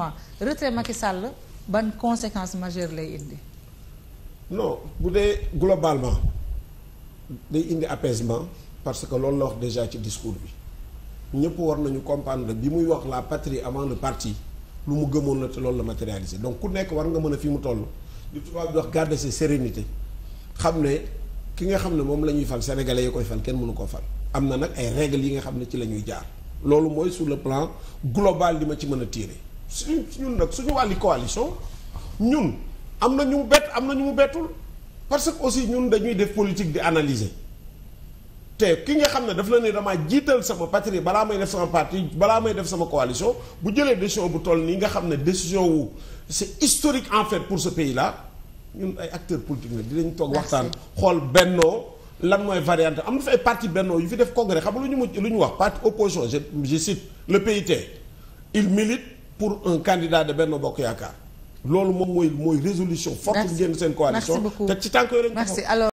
moment retrait Macky Sall ban conséquence majeure lay indi. non bu dee globalement day indi apaisement parce que loolu la wax déjà ci discours bi ñëpp war nañu comprendre bi muy wax la patrie avant le parti lu mu gëmoon na te loolu la matérialisé donc ku nekk war nga mën a fi mu toll li tubaab di wax garder sa sérénité xam ne ki nga xam ne moom la ñuy fal sénégale yi koy fal kenn mënu koo fal am na nag ay règles yi nga xam ne ci la ñuy jaar loolu mooy sur le plan global ma ci mën a tirer. suñu ñun nag suñu wàlli coalition ñun am na ñu mu bett am na ñu mu bettul parce que aussi ñun dañuy def politique di analyser te ki nga xam ne daf la ne damaa jiital sama patrie balaa may def sama parti balaa may def sama coalition bu jëlee décision bu toll nii nga xam ne décision wu c'est historique en fait pour ce pays la ñun ay acteurs politiques la dinañ toog waxtaan xool bennoo lan mooy variante am na fa ay parti bennoo yu fi def congrès xam lu ñu mu lu ñu wax parti opposition je je cite le PIT il milite pour un candidat de Benno Bokk Yaakaar loolu moom mooy mooy résolution forte ngeen seen coalition te ci tànk yooyu lañ